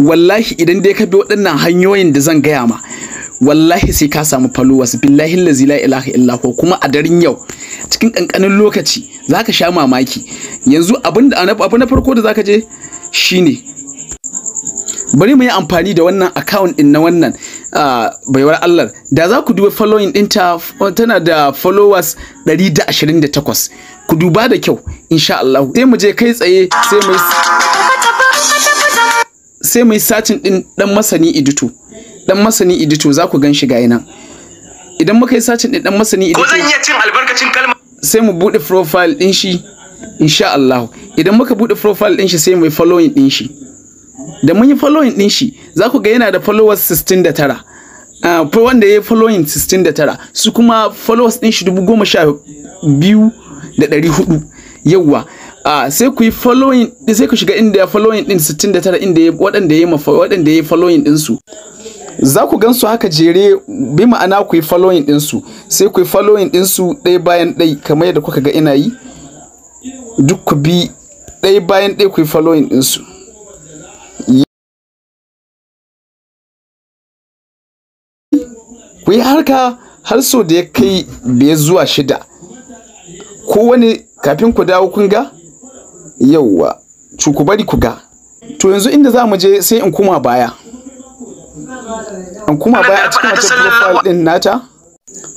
wallahi idan dai ka bi waɗannan hanyoyin da zan gaya ma wallahi sai ka samu wasu billahi lazi la ilaha illa ko kuma a daren yau cikin ƙanƙanin lokaci za ka sha mamaki yanzu abin da abu na farko da za ka je shine bari mu yi amfani da wannan account din na wannan baiwar Allah da za ku duba following ɗinta tana da followers 128 ku duba da kyau insha Allah sai mu je kai tsaye sai mu sai mai sacin din dan masani idito dan masani idito za ku gan shi ga nan idan muka yi sacin din dan masani idito ko zan iya cin albarkacin kalma sai mu bude profile din shi insha Allah idan muka bude profile din shi sai mu yi following din shi da mun yi following din shi za ku ga yana da followers 69 uh, ah, wanda ya yi following 69 su kuma followers din shi dubu goma sha biyu da ɗari yawwa a ah, sai ku yi following sai ku shiga inda ya following din 69 inda ya waɗanda ya mafa waɗanda ya following din su za ku gan su haka jere bi ma'ana ku yi following din su sai ku yi following din su ɗaya bayan ɗaya kamar yadda kuka ga ina yi duk ku bi ɗaya bayan ɗaya ku yi following din su ku yi harka har so da ya kai biyar zuwa shida kowane kafin ku dawo kun ga yauwa ku bari ku ga to yanzu inda za mu je sai in kuma baya in kuma baya a cikin wata profile din nata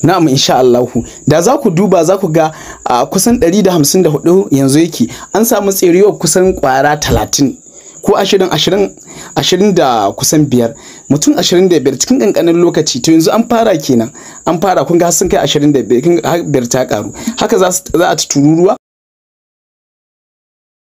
na'am insha Allah da za ku duba za ku ga a kusan 154 yanzu yake an samu tserewar kusan kwara 30 ko 20 20 ashirin da kusan 5 mutum 25 cikin kankanin lokaci to yanzu an fara kenan an fara kun ga sun kai 25 kin biyar ta karu haka za a ta tururuwa